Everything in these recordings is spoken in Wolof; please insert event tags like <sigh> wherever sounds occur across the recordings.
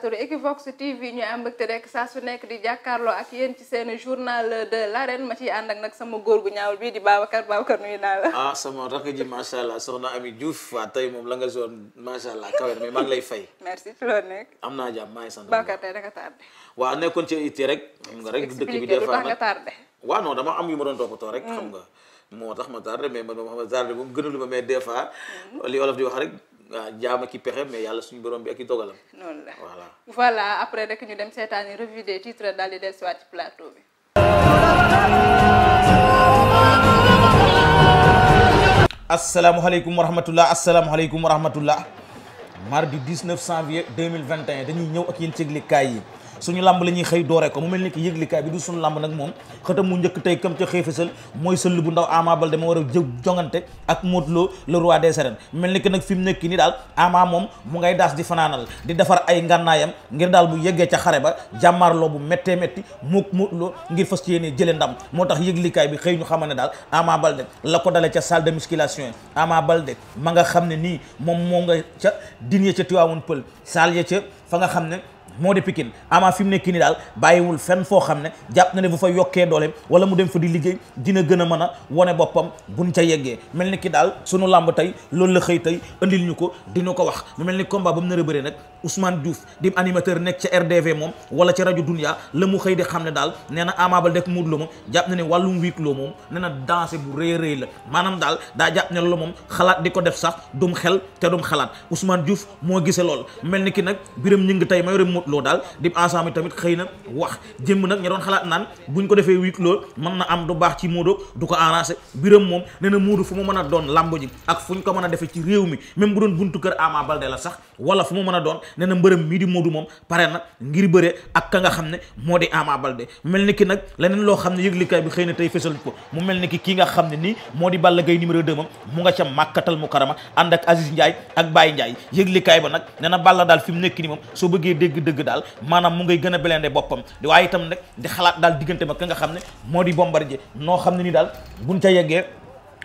téléspectateur Equivox TV ñu am mbégte rek saa su nekk di jàkkaarloo ak yéen ci seen journal de l'arène ma ciy ànd nag sama góor gu ñaawul bii di Babacar Babacar nuyu naa la. ah sama rakk ji macha allah soxna Ami Diouf waa tey moom la nga zone macha allah kawe mais maa ngi lay fay. nekk. am naa jàmm maa ngi sant. Babacar tey nga rek dëkk bi des fois yu ma doon toppatoo rek. Mm. xam nga moo tax ma tardé mais man ma xam ne tardé ma mais des fois mm. li olof di rek waaw ah, jaam ak i pexe mais yàlla suñu borom bi ak i dogalam. noonu la voilà. voilà après rek ñu dem seetaani revue des titres daal di dellusiwaat ci plateau bi. asalaamaaleykum wa rahmatulah asalaamaaleykum wa rahmatulah mardi 19 janvier 2021 dañuy ñëw ak yéen ci yëglekaay yi. suñu lamb la ñuy xëy doore ko mu mel ni ki yëglikaay bi du suñu lamb nag moom xëtam mu njëkk tey kam ca xëefasal mooy sëll bu ndaw Ama Baldé ma war a jongante ak Modou Lo le roi des arènes mel ni ki nag fi mu nekk ni daal Ama moom mu ngay daas di fanaanal di defar ay ngànnaayam ngir daal bu yeggee ca xare ba jàmmaarloo bu méttee métti muok Modou Lo ngir fas ci yéene jële ndam moo tax yëglikaay bi xëy ñu xamal ne daal Ama Baldé la ko dale ca salle de musculation yi Ama Baldé ma nga xam ne nii moom moo nga ca din ya ca Tivaouane Peulh salle ya ca fa nga xam ne moo de Pikine Ama fi mu nekk nii daal bàyyiwul fenn foo xam ne jàpp na ne bu fa yokkee dooleem wala mu dem fa di liggéey dina gën a mën a wone boppam buñ ca yeggee mel ni ki daal sunu làmb tey loolu la xëy tey andil ñu ko dina ko wax mu mel ni combat ba mu nar a bëre nag Ousmane juuf di animateur nekk ca RDV moom wala ca rajo Dunia la mu xëy di xam ne daal nee na ba Baldé ak Modou Lô moom jàpp na ne wàllum huis loo moom nee na dansé bu rëy rëy la maanaam daal daa jàpp ne loolu moom xalaat di ko def sax dum xel te dum xalaat Ousmane Diouf moo gisee loolu mel ni ki nag biram loo daal dib ensemble tamit xëy na wax jëmm nag ña doon xalaat naan buñ ko defee huis clos mën na am du baax ci Modou du ko arrangé biram moom nee na Modou fu mu mën a doon lamb ji ak fu a defee ci réew mi même bu doon buntu kër Ama a mbërëm mii di Modou moom pare na ngir bëre ak ka nga xam ne moo di Ama Baldé mel ni ki nag leneen loo xam ne yëglikaay bi xëy na tey fësal ko mu mel ne ki kii nga xam ne nii moo di Balla Gaye numéro 2 moom mu nga ca màkkatal mu karama ànd ak Aziz Ndiaye ak Baye Ndiaye yëglikaay ba nag nee na Balla dëgg daal maanaam mu ngay gën a belende boppam waaye itam nag di xalaat daal diggante ma ka nga xam ne moo di Bombardier noo xam ne ni daal buñ ca yeggee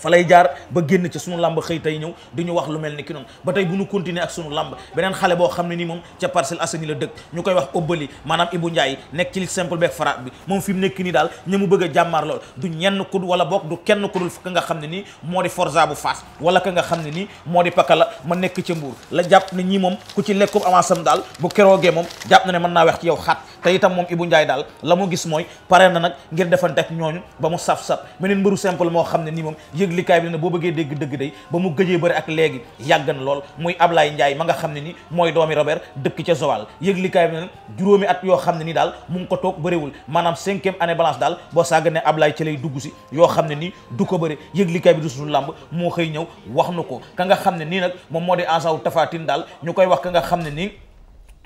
fa lay jaar ba génn ca sunu lamb xëy tey ñëw du ñu wax lu mel ni ki noonu ba tey bu ñu continuer ak sunu lamb beneen xale boo xam ne nii moom ca Parcelles Assainies la dëkk ñu koy wax Obali maanaam Ibou Ndiaye nekk ci li simple beeg faraat bi moom fi mu nekk nii daal ña mu bëgg a jàmmaar lool du ñenn kud wala boog du kenn kudul ka nga xam ne nii moo di Forza bu Fass wala ka nga xam ne nii moo di la ma nekk ca Mbuur la jàpp ne ñii moom ku ci lekkum avance daal bu keroogee moom jàpp na ne naa wax ci yow te itam moom Ibou Ndiaye daal la mu gis mooy pare na nag ngir defante ak ñooñu ba mu saf-saf beneen mbëru simple moo xam ne nii moom yëglikaay bi ne boo bëggee dégg dëgg day ba mu gëjee bëri ak léegi yàgg na lool muy ab Ablaye Ndiaye ma nga xam ne ni mooy doomi Robert dëkk ca Joal yëglikaay bi ne juróomi at yoo xam ne ni daal mu ngi ko toog bariwul maanaam cinquième année balance daal boo sàgg ne Ablaye ci lay dugg si yoo xam ne ni du ko bëri yëglikaay bi du suñu làmb moo xëy ñëw wax nu ko ka nga xam ne nii nag moom moo di ansaw tafaatin daal ñu koy wax ka nga xam ne nii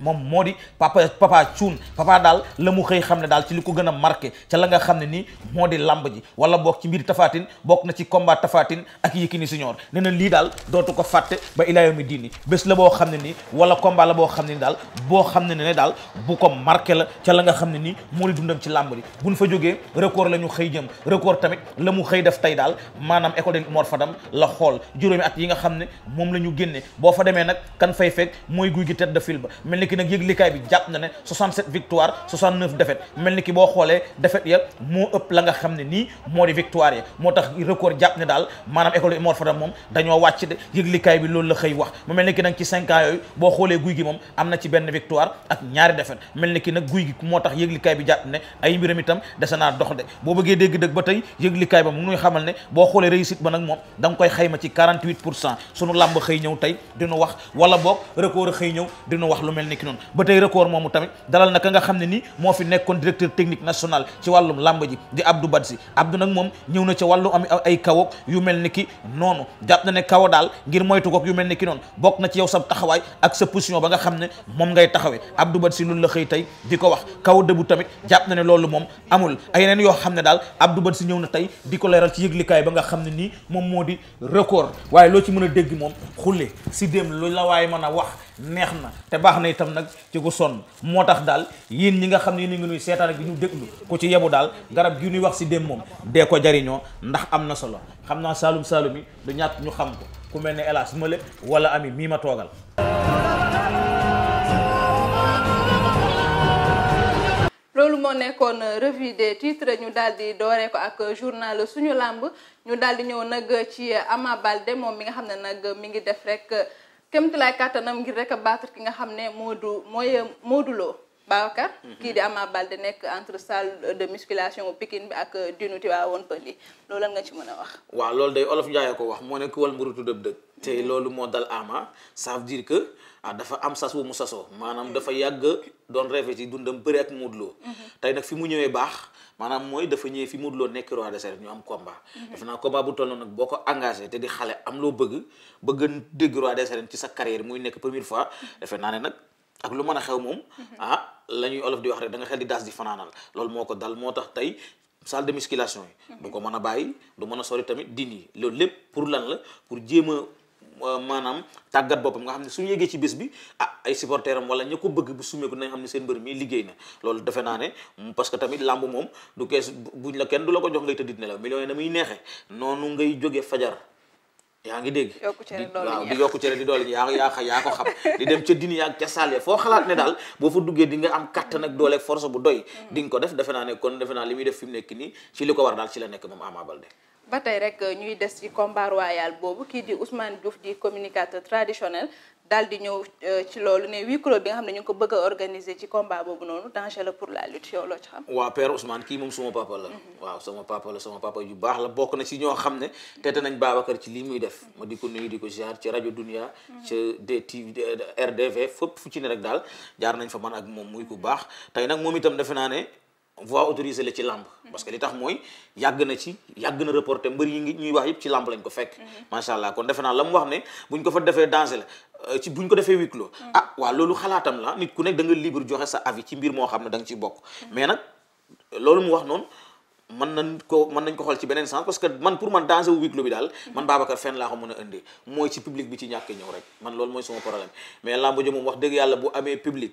moom moo di papa papa cuun papa daal la mu xëy xam ne daal ci li ko gën a marqué ca la nga xam ne nii moo di làmb ji wala bokk ci mbir tafaatin bokk na ci combat tafaatin ak Yékini Senior nee na lii daal dootu ko fàtte ba ilaa yawmi diini bés la boo xam ne nii wala combat la boo xam ne ni daal boo xam ne ne daal bu ko marqué la ca la nga xam ne nii moo di dundam ci làmb ji buñ fa jógee record la ñu xëy jëm record tamit la mu xëy def tey daal maanaam école de fa Fadam la xool juróomi at yi nga xam ne moom la ñu génne boo fa demee nag kan fay fekk mooy guy gi tête de file ni ki nag yëglikaay bi jàpp na ne 67 victoire 69 défaite mel ni ki boo xoolee défaite ya moo ëpp la nga xam ne nii moo di victoire ya moo tax record jàpp ne daal maanaam école Mor Fadam moom dañoo wàcc de yëglikaay bi loolu la xëy wax mu mel ni ki nag ci moom am na ci benn moo tax yëglikaay bi jàpp ne ay mbiram itam dese naa dox de boo bëggee dégg dëgg ba tey yëglikaay ba mu ngi xamal ne boo xoolee réussite ba nag moom da nga ci sunu làmb xëy ñëw tey dinu wax wala boog record xëy ñëw dinu wax lu mel nekki noonu ba tey record moomu tamit dalal na ka nga xam ne ni moo fi nekkoon directeur technique national ci wàllum làmb ji di Abdou Badji Abdou nag moom ñëw na ca wàllu am ay kawoog yu mel ni ki noonu jàpp na ne kawo daal ngir moytu koog yu mel ni ki noonu bokk na ci yow sa taxawaay ak sa position ba nga xam ne moom ngay taxawee Abdou Badji loolu la xëy tey di ko wax kaw dëbu tamit jàpp na ne loolu moom amul ay yeneen yoo xam ne daal Abdou Badji ñëw na tey di ko leeral ci yëglikaay ba nga xam ne nii moom moo di record waaye loo ci mën a dégg moom xulle si a neex na te baax na itam nag ci ku sonn moo tax daal yéen ñi nga xam ne yéen a ngi nuy seetaan ak ñu déglu ku ci yebu daal garab gi ñuy wax si dem moom de ko jariñoo ndax am na solo xam naa saalum saalum yi lu ñàkk ñu xam ko ku mel ne hélas mële wala ami mii ma toogal loolu moo nekkoon revue des ñu daal di dooree ko ak journal suñu làmb ñu daal di ñëw nag ci Ama Baldé moom mi nga xam ne nag mi ngi def rek kéemtulaay kàttanam ngir rek a ki nga xam ne Modou mooy euh, Modou Lo Babacar mhm. kii di Ama Baldé nekk entre salle de musculation bu Pikine bi ak euh, dinu ti waa woon pël yi loolu lan nga ci mën wax waaw loolu de olof Njaay ko wax moo ne ku wal mburu tuddëb dëgg te loolu moo dal Ama ça veut dire que ah dafa am sas wu mu sasoo maanaam dafa yàgg doon rêve ci dundam bëri ak Modou Lo mhm. tey nag fi mu ñëwee baax maanaam mooy dafa ñëwee fi Modou Lo nekk roi des arènes ñu am combat mhm. defe naa combat bu toll noonu nag boo ko engagé te di xale am loo bëgg bëgg dégg roi des arènes ci fois mhm. defe naa ne nag ak lu mën a xew moom ah la ñuy olof di wax rek da xel di daas di fanaanal loolu moo ko dal moo tax tey salle de musculation yi du ko mën a bàyyi du mën a sori tamit din yi loolu lépp pour lan la pour jéem Euh, maanaam tàggat boppam nga xam ne su yégee ci bés bi ah ay supporter am wala ko bëgg bu sumeeku nañ xam ne seen mbër mi liggéey na loolu defe naa ne mm, parce que tamit làmb moom du kees buñ la kenn du la ko jox ngay tëddit nelaw millions yi na muy neexee noonu ngay jóge fajar yaa ngi dégg waaw di yokku cere di doole yaa yaa ko xam di dem ca foo xalaat ne daal boo fa duggee di nga am kattan ak doole force bu doy mm. di ko def defe naa ne kon defe naa li muy def fi mu nekk nii ci li ko war daal ci la nekk moom Ama de ba tey rek euh, ñuy des ci combat royal boobu kii di Ousmane Diouf di communicateur traditionnel daal di ñëw euh, ci loolu ne huis clos bi nga xam ne ñu ngi ko bëgg a organiser ci combat boobu noonu danger la pour la lutte yow loo ci xam. waaw père Ousmane kii moom suma papa la. Mhm. waaw sama papa la sama papa yu baax la bokk na ci ñoo xam ne mhm. tete nañ kër ci lii muy def mhm. ma di ko nuyu di ko ziar ci rajo Dunia. ci DTV RDV fépp fu ci ne rek daal jaar nañ fa man ak moom muy ku baax tey nag moom itam defe naa ne. voie autorisé la ci làmb parce que li tax mooy yàgg na ci yàgg na reporté mbër yi ngi ñuy wax yëpp ci làmb lañ ko fekk mhm. macha allah kon defe naa la mu wax ne buñ ko fa defee danger la euh, ci ko defee huis clos mhm. ah, waa loolu xalaatam la nit ku nekk da nga libre joxe sa avis ci mbir moo xam ne da ciy bokk mhm. mais nag loolu mu wax noonu mën nañ ko mën nañ ko xool ci beneen sens parce que man pour man danger wu huis clos bi daal man Babacar fenn laa ko mën a indee mooy ci public bi ci ñàkk ñëw rek man loolu mooy sama problème mais làmb jo moom wax dëgg yàlla bu amee public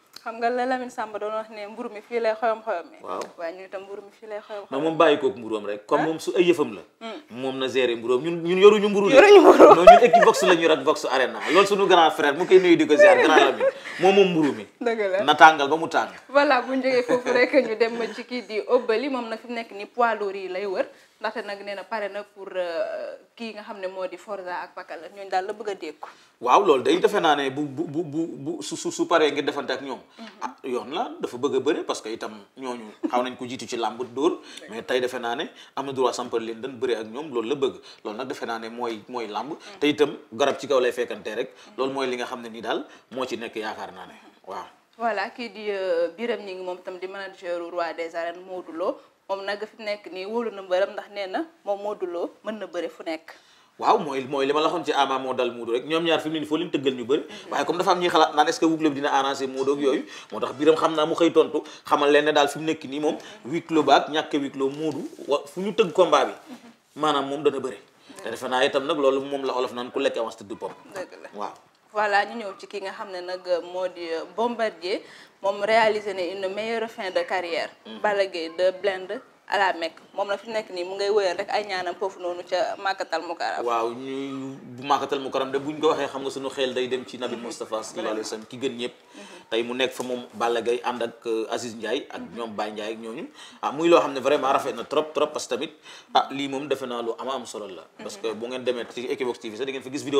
xam nga la Lamine Samba doon wax ne mburu mi fii lay xoyom xoyom mi waaw waaye ñun itam mburu mi fii lay xoyom xoyom moom bàyyi kook mburoom rek comme moom su ay yëfam la hmm. moom na ñun ñun yoruñu mburu de yoruñu mburu non ñun Equivox la ñu rak Vox Arena loolu suñu grand frère moom moom mburu mi dëgg la na tàngal ba mu tàng voilà bu ñu jógee foofu rek ñu dem ci kii di Obali moom nag fi mu nekk ni poids lourd yi lay wër ndaxte nag nee na pare na pour euh, kii nga xam ne moo di Forza ak Pakala ñooñu daal la bëgg a dégg. waaw loolu day defe naa ne bu bu bu bu bu su su paree ngir defante ak ñoom. Mhm. ah yoon la dafa bëgg a bëre parce que itam ñooñu xaw nañ ko jiitu ci làmb dóor. <laughs> mais tey defe naa ne am na droit sampal leen dan bëre ak ñoom loolu la bëgg loolu nag defe naa ne mooy mooy làmb. Mhm. te itam garab ci kaw lay fekkantee rek. Mhm. loolu mooy li nga xam ne nii daal moo ci nekk yaakaar naa ne waaw. voilà kii di euh, Birame ñi ngi moom tam di manager roi des arènes Modou Lo moom nag fi nekk nii wóolu na mbëram ndax nee na moom Modou Lo mën na bëre fu nekk waaw mooy mooy li ma la waxoon ci Ama moo dal Modou rek ñoom ñaar fi mu ne nii foo leen tëggal ñu bëri mm-hmm. waaye comme dafa am ñuy xalaat naan est-ce que huis clos bi dina arrangé xam naa mu xëy tontu xamal ne daal fi mu nekk nii moom mm-hmm. huis clos baak ñàkk huis clos fu ñu tëgg combat bi mm-hmm. maanaam moom dana bëre te defe naa itam nag loolu moom la olof naan ku lekk avance tëdd pom waaw voilà ñu ñëw ci ki nga xam ne nag euh, moo di euh, Bombardier moom réaliser ne une meilleure fin de carrière. Mm-hmm. Balla Gaye de Blinde à la Mecque moom la fi nekk nii mu ngay wéyal rek ay ñaanam foofu noonu ca Màkkatal ko waxee xam nga suñu xel day dem ci Nabi Moustapha sallallahu alayhi wa sallam ki gën ñëpp mhm. tey mu nekk fa moom Balla Gaye euh, ah, na trop ah, lii moom defe naa lu la mhm. parce que bu ngeen demee ci Equivox TV sax di ngeen fa gis mhm.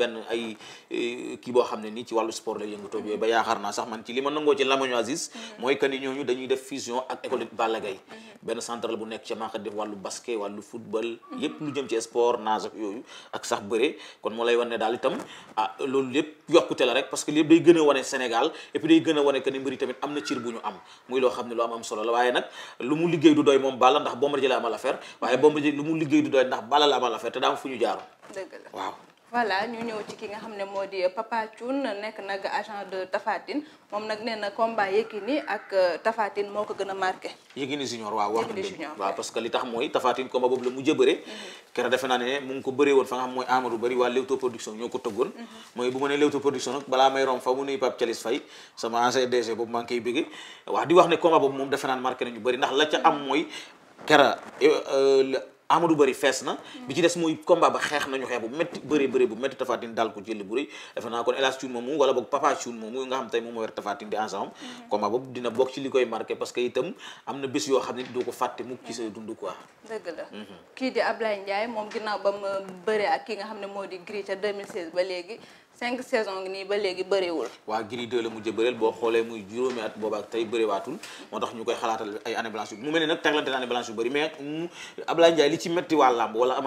benn ay euh, kii boo xam ne nii ci wàllu sport lay yëngatoo yooyu ba yaakaar naa sax man ci li nangoo ci lamañu Aziz mooy ni ñooñu dañuy def fusion ak école Balla Gaye benn central bu nekk ca maa def wàllu basket wàllu football yépp lu jëm ci sport nage yooyu ak sax bëre kon moo lay wan ne daal itam ah loolu lépp yokkute la rek parce que lépp day gën a wane Sénégal et day gën a wane que ni mbir yi tamit am na cir bu ñu am muy loo xam ne lu am am solo la waaye nag lu mu liggéey du doy moom Balla ndax Bombardier la amal affaire waaye Bombardier lu mu liggéey du doy ndax Balla la amal affaire te daa am fu ñu jaaroon voilà ñu ñëw ci ki nga xam ne moo di Papa Thioune nekk nag agent de Tafatine moom nag nee na combat Yékini ak euh, Tafatine moo ko gën a marqué. Yékini junior waaw wax na dëgg waaw parce que li tax mooy tafaatin combat boobu la mujj a bëre. Mhm. keroog defe ne mu ngi ko bëree woon fa nga xam mooy Amadou Bari waa Leewtoo production ñoo ko tëggoon. Mhm. mooy bu ma nee Leewtoo production balaa may rom fa mu nuyu Pape Thialis Faye sama ancien DG boobu maa ngi koy bëgg di wax moom defe na ñu bëri ndax la ca am mhm. mooy euh, euh, Amadou Bari fees na bi ci des mooy combat ba xeex nañu xeex bu métti bëri bëri bu métti tafatin daal ko jëli bu rëy defe naa kon hélas cuun moomu wala boog papa cuun moomu nga xam tey moom moo yor tafatin di ensemble mhm. combat boobu dina bokk ci li koy marqué parce que itam am na bés yoo xam ne doo ko fàtte mukk ci sa mhm. dund quoi dëgg la mhm. kii di Ablaye Ndiaye moom ginnaaw ba mu bëree ak ki nga xam ne moo di Gris ca ba léegi cinq saison ngi nii ba léegi bëreewul waa Gris 2 la mujjee bëreel boo xoolee muy juróomi at booba ak tey bëreewaatul moo tax ñu koy xalaatal ay année blanche yu ne nag taglante année blanche yu li ci metti waa làmb wala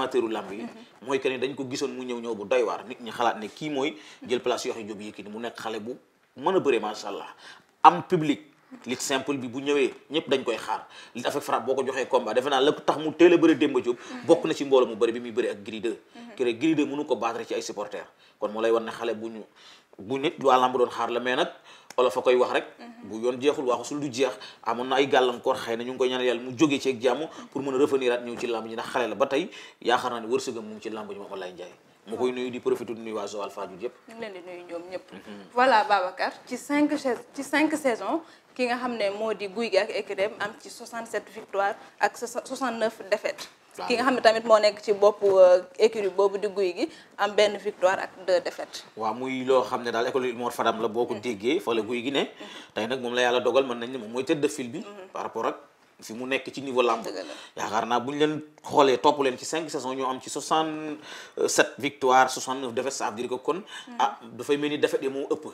mooy que dañ ko gisoon mu ñëw ñëw bu doy waar nit ñi xalaat ne kii mooy jël place Yoxi Jóob Yékini mu nekk xale bu mën a bëree masha Allah am public lit simple bi bu ñëwee ñëpp dañ koy xaar lit avec boo ko joxee combat defe naa la tax mu teel a bëri Demba Diop bokk na ci mbooloo mu bëri bi muy bëri ak Gris 2 mhm. kere Gris 2 mënu ko battre ci ay supporters kon moo lay wan ne xale bu ñu bu nit lu àllam bu doon xaar la mais nag olof a koy wax rek mhm. bu yoon jeexul su lu jeex amoon na ay gàllankoor xëy na ñu ngi koy ñaanal yàlla mu jógee ci ak jàmm pour mën a revenir at ñëw ci la ba tey yaakaar naa ne wërsëgam koy nuyu di profité di nuyu waa Joal Fadiouth yëpp ñu ngi leen di nuyu ñoom ñëpp mhm. voilà Babacar ci cinq ci ki nga xam ne moo di guy gi ak écrém am ci 67 victoires ak 69 défaites ki nga xam ne tamit moo nekk ci bopp euh, écurie boobu di guy gi am benn victoire ak deux défaites waaw muy loo xam ne daal école Mor Fadam la boo ko déggee fa guy gi ne tey nag moom la yàlla dogal mën nañ ne moom mooy tëdd fil bi mm-hmm. par rapport ak fi mu nekk ci niveau lamb yaakaar naa bu ñu leen xoolee topp leen ci cinq saisons ñoo am ci soixante sept victoire soixante neuf défaites ça veut dire kon mm-hmm. ah dafay mel ni défaites yi moo ëpp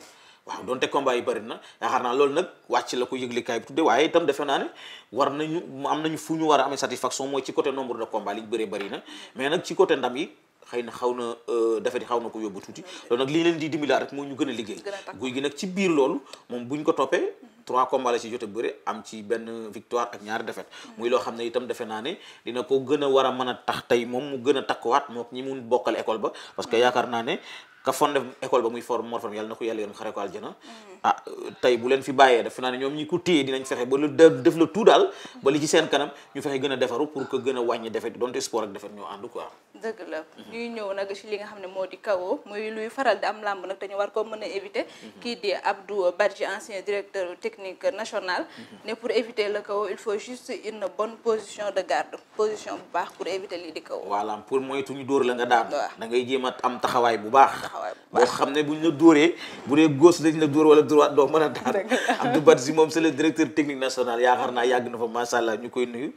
waaw donte combat yi bëri na yaakaar naa loolu nag wàcc la ko yëglikaay bi tudde waaye itam defe naa ne war nañu am nañu fu ñu war a amee satisfaction mooy ci côté nombre de combat li ñu bëree bëri na mais nag ci côté ndam yi xëy na xaw na euh, dafa di xaw na ko yóbbu tuuti loolu nag li leen di dimbilaat rek mooy ñu gën a liggéey guy gi nag ci biir loolu moom buñ ko toppee trois combats la ci jot bëre am ci benn victoire ak ñaari defet muy loo xam ne itam defe naa ne dina ko gën war a mën a tax tey moom mu gën a takkuwaat mook ñi mun bokkal école ba parce que yaakaar naa ne ka fondé école ba muy form mor form yàlla na ko yàlla yërëm xare ko aljana ah tey bu leen fi bàyyee def naa ne ñoom ñi ko téye dinañ fexe ba lu def la tout daal ba li ci seen kanam ñu fexe gën a defaru pour que gën a wàññi defet donte sport ak defet ñoo ànd quoi dëgg la mhm. ñuy ñëw nag ci li nga xam ne moo di kawoo muy luy faral di am làmb nag dañu war ko mën a éviter mhm. kii di Abdou Badji ancien directeur technique national mhm. ne pour éviter le kawoo bu baax pour éviter lii di kawoo voilà pour la nga daan da ngay jéem a am taxawaay bu baax boo xam ne bu ñu la dóoree bu dee gauche lañ la dóor wala droite doo mën a daan Abdou Badji moom c'est le directeur technique national yaakaar naa yàgg na fa macha allah ñu koy nuyu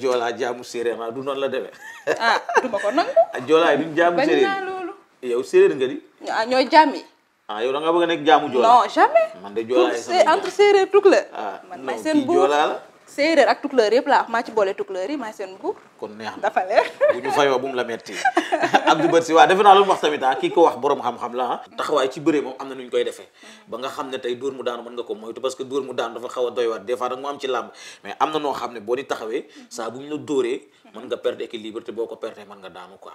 joolaa jaamu séeréer ah du noonu la demee ah du ma ko nangu <laughs> ah, joolaa duñ jaamu séeréer bañ naa yow séeréer nga di ah, ñooy jaam yi ah yow da nga bëgg a nekk jaamu joolaa non man de joolaa c'est entre séeréer tuk la man may seen buur séeréer ak tukulóor yëpp laa maa ci boole tukulóor yi maa seen buur. kon neex dafa leer <laughs> bu ñu fayoo bu la metti <laughs> Abdou Barsi waaw naa wax tamit ah kii ko wax borom xam-xam la ah. taxawaay ci bëree moom am na nu ñu koy defee mm-hmm. ba nga xam ne tey dóor mu daanu mën nga ko moytu parce que dóor mu daanu dafa xaw a doy waar des fois mu am ci làmb mais am na noo xam ne boo di taxawee mm-hmm. saa bu ñu la dóoree mm-hmm. mën nga perdre équilibre te boo ko perdre mën nga daanu quoi.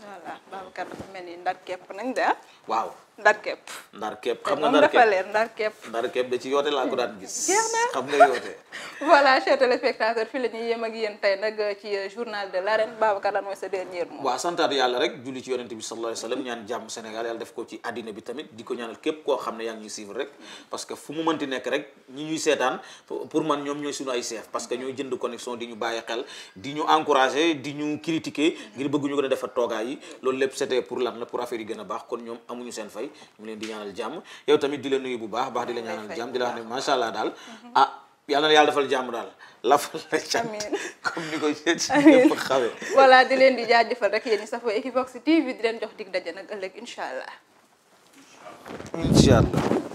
voilà Babacar dafa mel ni ndar képp nag de ah. waaw ndar kepp ndar kepp xam nga ndar kepp dafa leer ndar kepp da ci yoote laa ko daan gis jeex na xam nga yoote <laughs> voilà chers téléspectateurs fii la ñuy yem ak yéen nag ci journal de l'arène Babacar lan mooy sa dernier mot waaw santaat yàlla rek julli ci yonente bi sallallahu alayhi wasallam ñaan jàmm Sénégal yàlla def ko ci àddina bi tamit di ko ñaanal képp koo xam ne yaa ngi ñuy suivre rek parce que fu mu mënti nekk rek ñi seetaan pour man ñoom ñooy suñu ay chef que ñooy jënd connexion di ñu bàyyi xel di ñu encourager di ñu critiquer ngir ñu gën a defar toogaay yi loolu lépp c'était pour lan la pour affaire kon ñoom amuñu seen fay Boy jàmm yow tamit di la nuyu bu baax baax di la ñaanal jàmm di la wax ne macha allah daal mhm. ah yàlla na yàlla defal jàmm daal lafal la cant <laughs> comme ni ko ñëpp <laughs> xawee voilà di leen di jaajëfal rek yéen ñi safoo Equivox TV di leen jox dig daje nag ëllëg incha allah incha allah